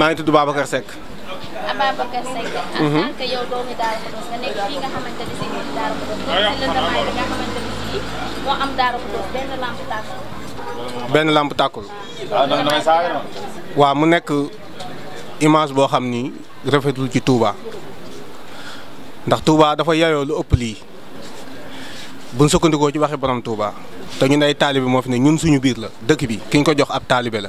maa tuddu Babacar Seck. Babacar Seck. en tant nga nga ni si biir Darou Khoudoss nga bi nga xamante Ben lampe mu image rafetul ci Touba ndax Touba dafa yayo lu upp li buñ sokkandiko ci waxe borom Touba te ñun ay taalibe mo fi ne ñun suñu biir la dëkk bi kiñ ko jox ab talibé la.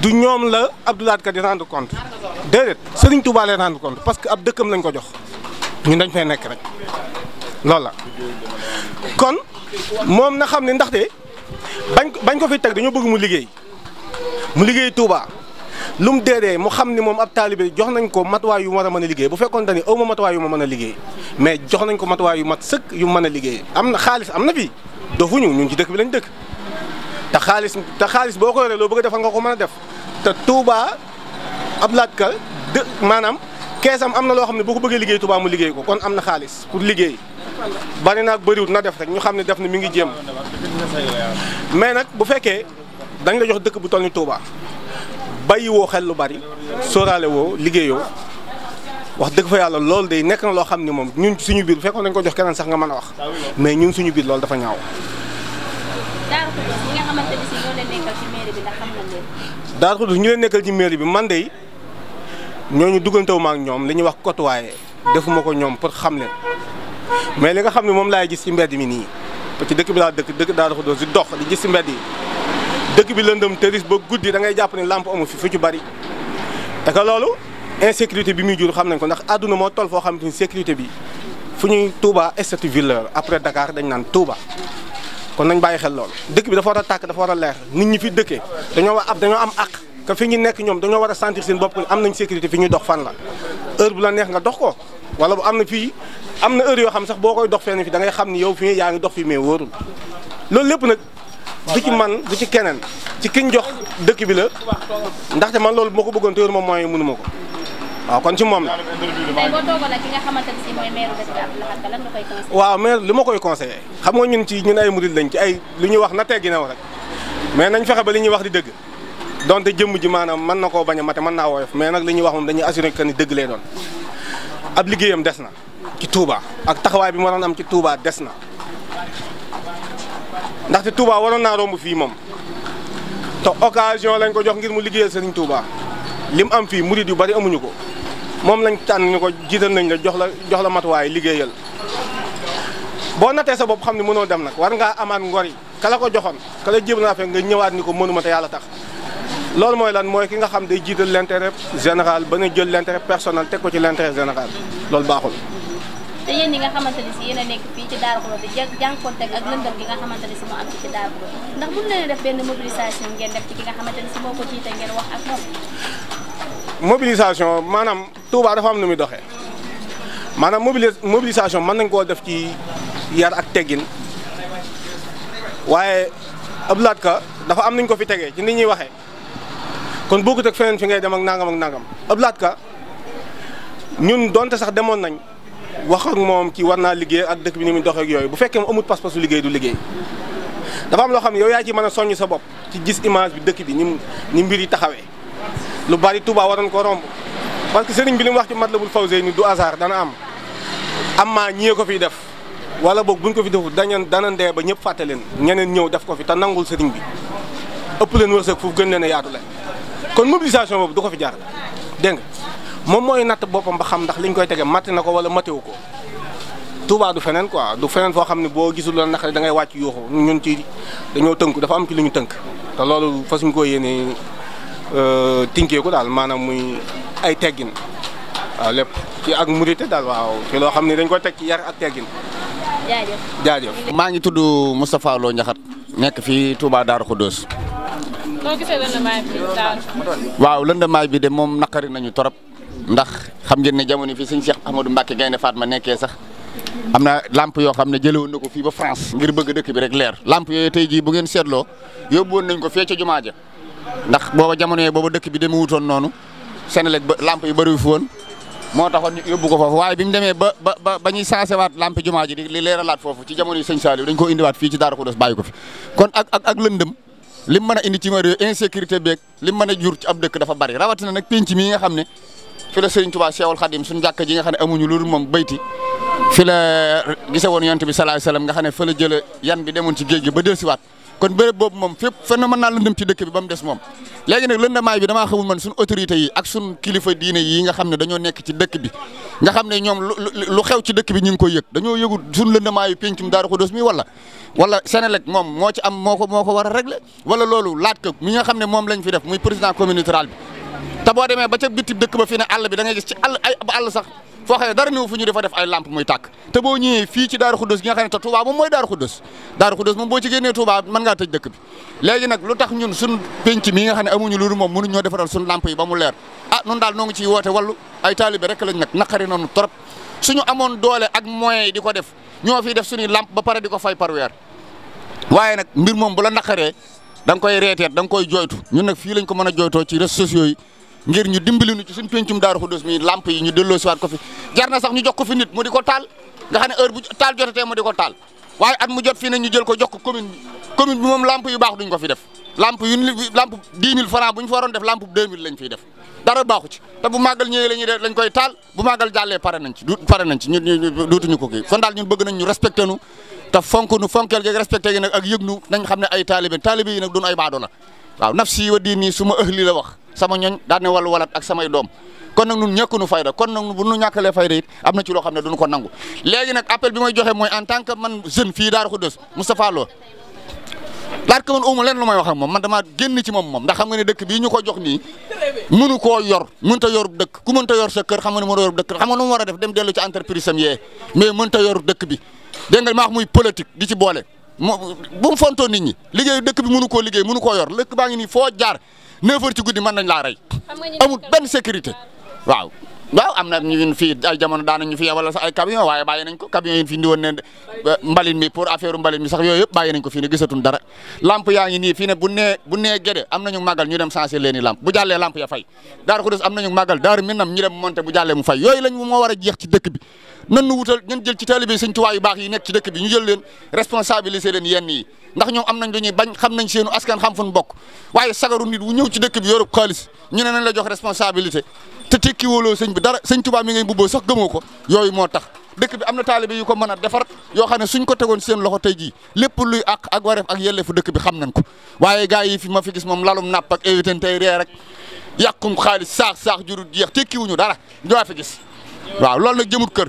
du ñoom la Abdou Lahad Ka di rendre compte déedéet Serigne Touba lay compte parce que ab dëkkam nañ ko jox ñun dañ fay nekk rek loolu la. kon moom na xam ne ndaxte bañ bañ ko fi teg dañoo bëgg mu liggéey mu liggéey Touba lu mu dee mu xam ni moom ab taalibe jox nañ ko matuwaay yu war a mën a liggéey bu fekkoon dañuy aw ma matuwaay yu ma mën a liggéey mais jox nañ ko matuwaay yu mat sëkk yu mën a liggéey am na xaalis am na fi dofuñu ñun ci dëkk bi lañ dëkk. te xaalis te xaalis boo ko yoree loo bëgg a nga ko mën a def te Touba Abdoulaye Ka dë maanaam keesam am na loo xam ne boo ko bëggee liggéey Touba mu liggéey ko kon am na xaalis pour liggéey bari naag bëriwut na def rek ñu xam ne def na mu ngi jéem mais nag bu fekkee dañ la jox dëkk bu toll ni Touba bàyyi woo xel lu bari sóoraale woo liggéeyoo wax dëgg fa yàlla loolu day nekk na loo xam ne ñun suñu biir fekkoon dañ ko jox keneen sax nga mën a wax mais ñun suñu biir loolu dafa ñaaw. Xudus ñi nga nekkal ci mairie bi Daaru Xudus ñu leen nekkal ci mairie bi man de ñooñu duggantewu ma ak ñoom li ñu wax waaye defuma ko ñoom pour xam ne mais li nga xam ne moom laay gis ci mbedd mi nii parce que dëkk bi laa dëkk dëkk Daaru Xudus di dox di gis ci mbedd yi dëkk bi lëndëm tëris ba guddi da ngay jàpp ne làmp amu fi fu ci bari te que loolu insécurité bi muy jur xam nañ ko ndax àdduna moo toll foo xamante ni sécurité bi fu ñuy Touba statut ville après Dakar dañ naan Touba nañ bàyyi xel lool dëkk bi dafa war a tàkk dafa war a leer nit ñi fi dëkke dañoo war ab dañoo am àq que fi ñu nekk ñoom dañoo war a sentir seen bopp am nañ sécurité fi ñu dox fan la heure bu la neex nga dox ko wala bu am na fii am na heure yoo xam sax boo koy dox fenn fi da ngay xam ni yow fii yaa ngi dox fii mais wóorul loolu lépp nag du ci man du ci keneen ci kiñ jox dëkk bi la ndaxte man loolu moo ko bëggoon te moom mooy mënuma ko waaw kon ci moom la. tey li ma koy conseillé xam nga ñun ci ñun ay murid lañ ci ay lu ñuy wax na teg ginnaaw rek mais nañ fexe ba li ñuy wax di dëgg donte jëmm ji maanaam mën na koo bañ a mate mën naa woyof mais nag li ñuy wax moom dañuy assuré que ni dëgg lay doon ab liggéeyam des na ci Touba ak taxawaay bi mu waroon am ci Touba des na ndaxte Touba waroon naa romb fii moom te occasion lañ ko jox ngir mu liggéeyal Serigne Touba lim am fii murid yu bari amuñu ko moom lañ tànn ni ko jiital nañ la jox la jox la matuwaay liggéeyal boo natee sa bopp xam ne mënoo dem nag war ngaa amaan ngor yi kala ko joxoon kala jéem naa fekk nga ñëwaat ni ko mënuma te yàlla tax loolu mooy lan mooy ki nga xam day jiital l'intérêt général ba ne jël l'intérêt personnel teg ko ci l'intérêt général loolu baaxul. te si yéen nekk fii ci Darou Khoudoss di jànkuwante ak lëndëm gi nga xamante si moo am ci Darou Khoudoss ndax bu ñu leen def benn mobilisation ngeen def ci ki nga xamante si moo ko jiite ngeen wax ak moom. mobilisation Touba dafa am nu muy doxee maanaam mobilisation mën nañ koo def ci yar ak teggin waaye Abdou Lahad Ka dafa am nañ ko fi tegee ci ni ñuy waxee kon ko ak feneen fi ngay dem ak nangam ak nangam Abdou Lahad Ka ñun donte sax demoon nañ wax ak moom ci war naa liggéey ak dëkk bi ni muy doxee yooyu bu fekkee mu amut pas-pasu liggéey du liggéey dafa am loo xam ne yow yaa ci man a soññ sa bopp ci gis image bi dëkk bi ni ni mbir yi taxawee lu bari Touba waroon ko ro parce que sëriñ bi li mu wax ci Matlabul Fawzayni du hasard dana am am maa ñii ko fiy def wala boog buñ ko fi deful dañu dana ndee ba ñëpp fàtte leen ñeneen ñëw def ko fi te nangul sëriñ bi ëpp leen wërsëg foofu gën leen ne yaatu leen kon mobilisation boobu du ko fi jaar dégg nga moom mooy natt boppam ba xam ndax liñ koy tege matti na ko wala mattewu ko Touba du feneen quoi du feneen foo xam ne boo gisul la naqari da ngay wàcc yuuxu ñun ci dañoo tënk da am ci lu ñu tënk te loolu fasuñ ko yéene euh, tinkee ko daal maanaam muy ay teggin waaw lépp ci ak murite daal waaw ci loo xam ne dañ ko teg ci yar ak teggin. jaajëf maa ngi tudd Moustapha Lo Ndiakhate nekk fii tuuba Darou Khoudoss. noo gisee lëndamaay bi waaw bi de moom naqari nañu torop ndax xam ngeen ne jamono fii sëñ Cheikh Ahmadou Mbacke Gaynde ma nekkee sax am na lamp yoo xam ne jëlewoon na ko fii ba France ngir bëgg dëkk bi rek leer lamp yooyu tey jii bu ngeen seetloo yóbbuwoon nañ ko fi ca jumaa ja ndax booba jamono yooyu booba dëkk bi demewutoon noonu Senelec ba lamp yu bëriwu fi woon moo taxoon ñu yóbbu ko foofu waaye bi mu demee ba ba ba ñuy sensé waat lamp jumaa ji di li leeralaat foofu ci jamono yi sëñ Saliou dañ ko indiwaat fii ci Daaru Xudoos bàyyi ko fi kon ak ak ak lëndëm lim mën a indi ci mooy réew insécurité beeg lim mën a jur ci ab dëkk dafa bari rawatina nag penc mi nga xam ne fi la Serigne Touba Cheikhoul Khadim suñu jàkka ji nga xam ne amuñu loolu moom bayti fi la gise woon yonent bi sallallahu alayhi nga xam ne fa la jële yan bi demoon ci géej gi ba delsiwaat kon béréb boobu moom fépp fenn man naa lëndëm ci dëkk bi ba mu des moom léegi nag lëndamaay bi damaa xamul man suñ autorité yi ak suñ kilifa diine yi nga xam ne dañoo nekk ci dëkk bi nga xam ne ñoom lu xew ci dëkk bi ñu ngi koy yëg dañoo yëgu suñ lëndamaayu péncum Daaru Xudoos mi wala wala Senelec moom moo ci am moo ko moo ko war a régler wala loolu laaj ko mi nga xam ne moom lañ fi def muy président communauté rurale bi te boo demee ba ca bitim dëkk ba fii ne àll bi da ngay gis ci àll ay àll sax foo dara néew fu ñu dafa def ay lamp muy tàkk te boo ñëwee fii ci Daaru Xuddus gi nga xam ne te Touba moom mooy Daaru Xuddus Daaru Xuddus moom boo ci génnee Touba mën ngaa tëj dëkk bi léegi nag lu tax ñun suñ penc mi nga xam ne amuñu loolu moom mun ñoo defaral suñ lamp yi ba mu leer ah nun daal noo ngi ciy woote wallu ay taalibe rek lañ nag naqari noonu trop suñu amoon doole ak moyens yi di ko def ñoo fiy def suñuy lamp ba pare di ko fay par weer waaye nag mbir moom bu la naqaree da nga koy reeteet da koy jooytu ñun nag fii lañ ko mën a jooytoo ci réseaux sociaux yi ngir ñu dimbali nu ci suñ pencum Daaru Xuddoos mi lamp ñu delloo siwaat ko fi jar na sax ñu jox fi nit mu taal nga xam ne bu taal jotatee mu taal waaye at mu jot fii ne ñu jël ko jox ko commune moom lamp yu baax duñ ko fi def lamp yu lamp 10 000 bu ñu fa waroon def lamp 2000 lañ fiy def dara baaxu ci te bu màggal ñëwee la ñuy def koy taal bu màggal jàllee pare nañ ci du ñu ko kii kon daal bëgg nañ ñu respecté nu te fonkeel gi respecté wax sama ñoñ daane ne wàllu ak samay doom kon nag ñun ñàkkunu fayda kon nag bu nu ñàkkalee fayda it am na ci loo xam ne duñu ko nangu léegi nag appel bi may joxe mooy en tant que man jeune fii Daaru Xudoos Moustapha Lo laat ko man umu leen lu may wax moom man damaa génn ci moom moom ndax xam nga ne dëkk bii ñu ko jox nii mënu koo yor mënta yor dëkk ku mënta yor sa kër xam nga ne mënta yor dëkk xam nga nu war a def dem dellu ci entreprise yor dëkk bi dégg nga ma wax muy politique di ci boole bu mu fontoo nit ñi liggéeyu dëkk bi mënu koo liggéey mënu koo yor lëkk baa ngi nii foo jaar neuf heures ci guddi mën nañ laa rey amul benn sécurité waaw waaw am na ñun fii ay jamono daan fi ay camion waaye bàyyi nañ ko camion fi indi ne mbalit mi pour affaire mbalit mi sax yooyu yëpp bàyyi nañ ko fii dara lamp yaa nii fii ne bu nee gede am nañu màggal ñu dem sensé leen i bu jàllee lamp ya fay daaru xudus am nañu màggal daaru minam ñu dem monté bu jàllee mu fay yooyu lañ moo war a jeex ci dëkk bi nan nu wutal ñun jël ci taalibe sëñ Tuubaa yu baax yi nekk ci dëkk bi ñu jël leen responsabiliser leen te tekki wóoloo sëñ bi dara sëñ Tuubaa mi ngay mbubboo sax gëmoo ko yooyu moo tax dëkk bi am na taalibe yu ko mën a defar yoo xam ne suñ ko tegoon seen loxo tey jii lépp luy àq ak wareef ak dëkk bi xam nañ ko waaye gars yi fi ma fi gis moom lalum napp ak évité tey ree rek yàqum xaalis saax saax jurut jeex te tekkiwuñu dara ñoo fi gis waaw loolu nag jëmut kër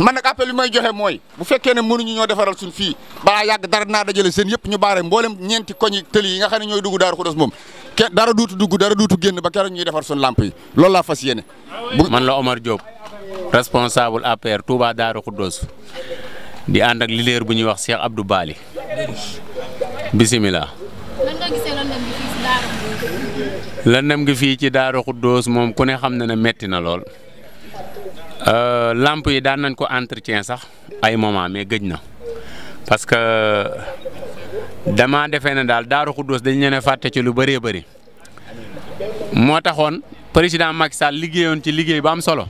man nag appel bi may joxe mooy bu fekkee ne mënuñu ñoo defaral suñ fii balaa yàgg dara naa dajale seen yëpp ñu baare mboolem ñeenti koñi tëli yi nga xam ne ñooy dugg Daaru Xudoos moom ke dara duutu dugg dara duutu génn ba keroog ñuy defar suñu lamp yi loolu laa fas yéene. man la Omar Diop responsable APR Touba Daaru Khoudoss di ànd ak leader bu ñuy wax Cheikh Abdou baali bisimilah. lan nga gisee gi fii ci Daaru Khoudoss moom ku ne xam na ne metti na lool euh, làmp yi daan nañ ko entretien sax ay moment mais gëj na parce dama defee na daal Daaru Xuddoos dañ leen a fàtte ci lu bëree bëri moo taxoon président Macky Sall liggéeyoon ci liggéey bu am solo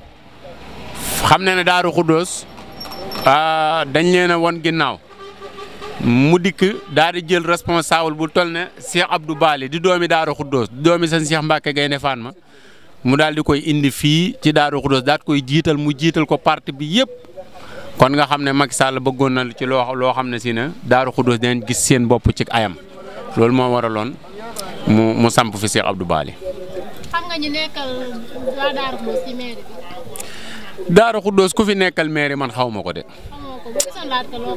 xam na ne Daaru Xuddoos ah, dañ leena won ginnaaw mu dikk daal di jël responsable bu toll ne Cheikh Abdou Bali di doomi Daaru Xuddoos di doomi seen Cheikh Mbacke Gaynde ma mu daal di koy indi fii ci Daaru Xuddoos daal koy jiital mu jiital ko parti bi yëpp. kon nga xam ne Macky la bëggoon na ci loo loo xam ne si ne Daaru Xuddoos dinañ gis seen bopp ci ayam loolu moo waraloon mu mu samp fi Cheikh Abdou Bali. xam nga ku fi nekkal mairie man xaw ma ko de. xamoo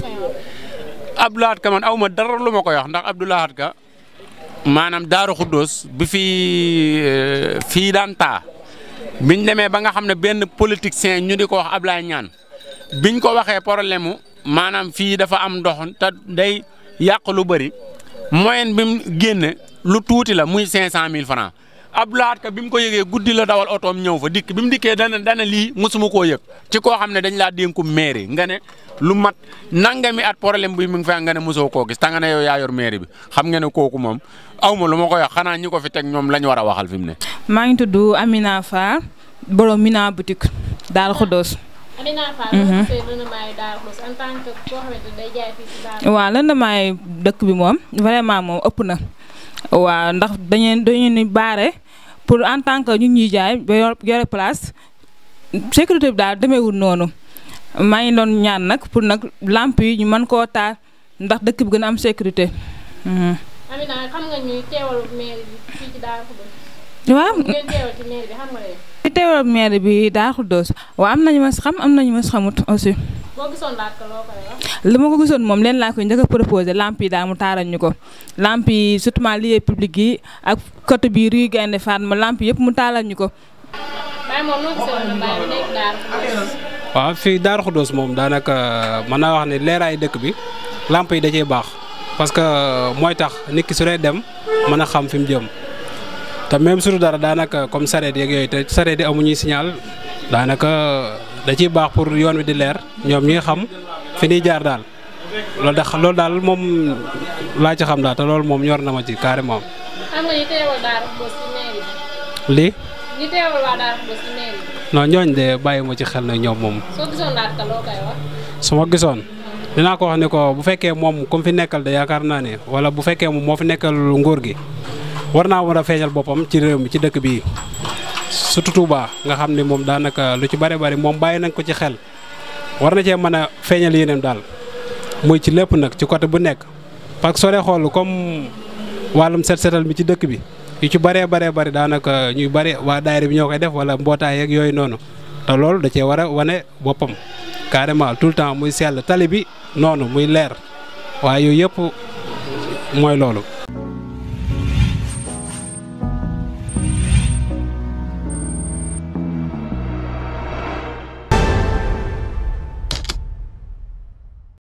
ka man aw ma dara lu ma koy wax ndax Abdou Lahad Ka maanaam Daaru Xuddoos bi fi eh, fii daan taa biñ demee ba nga xam ne benn politicien ñu di ko wax Ablaye Ñaan biñ ko waxee problème mu maanaam fii dafa am ndox te day yàq lu bëri moyenne bi mu génne lu tuuti la muy cinq cent mille francs ab laat ka bi mu ko yëgee guddi la dawal otoom ñëw fa dikk bi mu dikkee dana dana lii mosuma koo yëg ci koo xam ne dañ laa dénku mairie nga ne lu mat nangami at problème bi mu ngi fa nga ne mosoo koo gis tanga ne yow yaa yor mairie bi xam nga ne kooku moom aw ma lu ma koy wax xanaa ñi ko fi teg ñoom la ñu war a waxal fi mu ne. maa ngi tudd Amina Fa Mhm. waaw lëndamaayu dëkk bi moom vraiment moom ëpp na waaw ndax dañu dañu baare pour en tant que ñun ñuy jaay ba yore place sécurité bi daal demeewul noonu maa ngi doon ñaan nag pour nag làmp yi ñu mën koo taal ndax dëkk bi gën am sécurité. Mhm. Amina teewal maire bi Darou Khoudoss waaw am nañu ma si xam am nañu ma si xamut aussi. boo ma ko gisoon moom leen laa koy njëkk a proposé lamp yi daal mu taaral ñu ko làmp yi surtout lieu public yi ak côté biir rue Gaynde Fatma lamp yëpp mu taalal ñu ko. waaw fii Darou Khoudoss moom daanaka euh, mën naa wax ne leeraayu dëkk bi làmp yi da baax parce que euh, mooy tax nit ki su dee dem mën a xam fi mu jëm. te même surtout dara daanaka comme sareet yeeg yooyu te sareet yi amuñuy signal daanaka da ciy baax pour yoon wi di leer ñoom ñuy xam fi ñuy jaar daal loolu dax loolu daal moom laa ci xam daal te loolu moom ñor na ma ci carrément. xam nga ñu teewal Darou Khoudoss ci mairie bi. lii. ñu teewal waa Darou ci mairie non ñooñu de bàyyi ci xel na ñoom moom. soo gisoon laata wax. ko wax ne ko bu fekkee fi nekkal ne wala bu fekkee moom fi nekkal nguur gi. war naa war a feeñal boppam ci réew mi ci dëkk bi surtout Touba nga xam ni moom daanaka lu ci bari bari moom bàyyi nañ ko ci xel war na cee mën a feeñal yeneen daal muy ci lépp nag ci côté bu nekk parce que xool comme wàllum set setal mi ci dëkk bi yu ci bëree baree bëri daanaka ñuy bëri waa daayira bi ñoo koy def wala mbootaay yeeg yooyu noonu te loolu da cee war a wane boppam carrément tout le temps muy seel tali bi noonu muy leer waa yooyu yëpp mooy loolu.